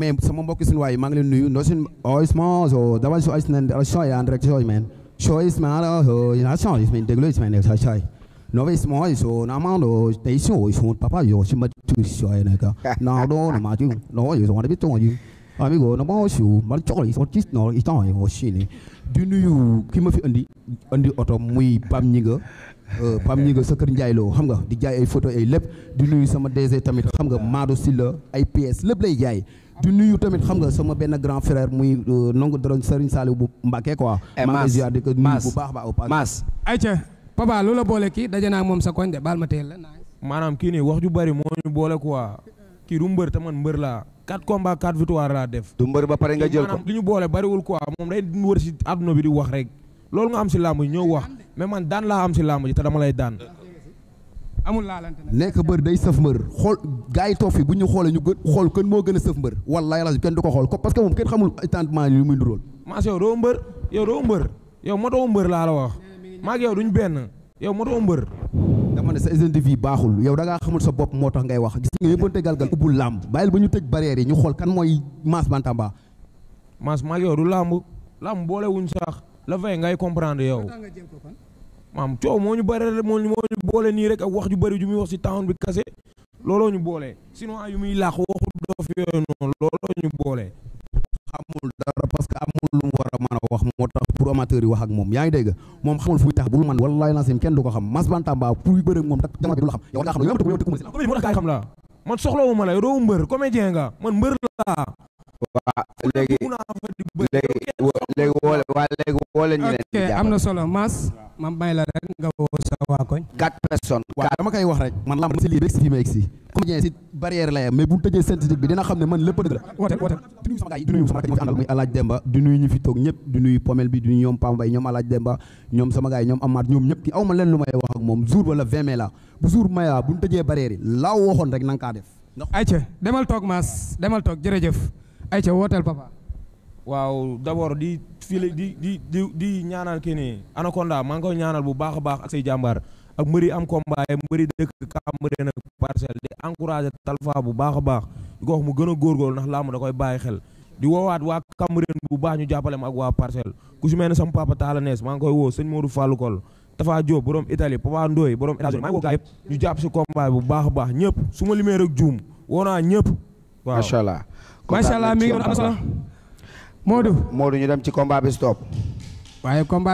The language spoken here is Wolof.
మేము sama mbokk sunuwaay maa nuyu no sun ois mo oh, so dawal so ois nen so ya andre so men so is ma so ya so is men deglo is men so so no is mo so na ma no te so is mo papa yo si ma tu so ya do na ma ju no yo so si ni nuyu ki ma fi andi andi oto muy pam ñi Euh, Pam ñi nga sa kër Ndiaye loo xam nga di jaay ay photo ay lépp di nuyu sama DG tamit xam nga si la ay pièces lépp lay jaay di nuyu tamit xam nga sama benn grand frère muy euh, nangu dorog Serigne Saliou bu Mbacké quoi. Eh, maa ngi di ko nuyu baax a baax. Maas ayca papa lu la boole kii daje naa moom sa koñ de baal ma teel la. maanaam kii nii wax ju bari moo ñu boole quoi kii du mbër te man mbër laa. quatre combats quatre victoires laa def. du mbër ba pare nga jël ko. li ñu boole bariwul ko moom day wër si bi di wax rek loolu nga am si làmb ñëw wax. mais man daan laa am si làmb ji te dama lay daan. amul laalante nekk mbër day sëf mbër xool gars yi toog bu ñu xoolee ñu gën xool kenn moo gën a sëf mbër wallaahi rajo kenn du ko xool ko parce que moom kenn xamul étendement yi muy nduróol. maas yow doo mbër yow doo mbër yow motoo mbër laa la wax maa yow ñu benn yow motoo mbër. dama ne sa hygiène de baaxul yow dangaa xamul sa bopp moo tax ngay wax gis nga yëppante galgal ubbul làmb bàyyil ba ñu tëj barrière yi ñu xool kan mooy maas bantamba. maas maa yow du làmb làmb boolewuñ la vingt ngay comprendre yow maam coow moo ñu bëri moo ñu boole nii rek ak wax ju bëri ju muy wax si town bi kase looloo ñu boole sinon ay yu muy laax waxu doof yooyu noonu looloo ñu boole. xamul dara parce que amul lu mu war a mën a wax moo tax pour amateur yi moom yaa dégg moom xamul fuy tax bul man wallaay lancim kenn du ko xam Mass Bantamba pour bëri moom tak jamono xam ma si xam la man soxlawu ma la yow doo mbër comédien nga man mbër laa. waa léegi léegi léegi boole ñu leen. ok am na solo Mass. ma bàyyi la rek nga woo sa waa koñ. quatre personnes. waaw dama koy wax rek man lamb si lii rek si fii ma egg si. comédien si barrière la mais bu tëjee synthétique bi dina xam ne man lépp dëgg la. woote woote di nuyu sama gars yi di nuyu sama gars yi muy alaaj Demba di nuyu ñu fi toog ñëpp di nuyu pomel bi di nuyu ñoom Pambay ñoom alaaj Demba ñoom sama gars yi ñoom Amath ñoom ñëpp ki aw ma leen lu may wax ak moom jour wala vingt mai la bu jour may la bu ñu tëjee barrière yi laaw waxoon rek na nga kaa def. ayca demal toog Mass demal toog jërëjëf ayca wooteel papa. waaw d'abord di fii di di di di ñaanal kii nii Anaconda maa ngi koy ñaanal bu baax a baax ak say jàmbaar ak mbëri am combat yi mbëri dëkk Cambérène ak Parcelles di encouragé Talfa bu baax a baax di mu gën a góorgóorlu nax laamu da koy bàyyi xel di woowaat waa Cambérène bu baax ñu jàppale ma ak waa Parcelles ku si mel ne sama papa Talla Nees maa ngi koy woo sëñ Modou Fallou Kol Tafa Diop borom Italie Papa Ndoye borom États-Unis maa ngi ñu jàpp si combat bu baax a baax ñëpp suma ma limee rek juum woo naa ñëpp. macha allah macha Modou Modou ñu dem ci combat bi stop waaye combat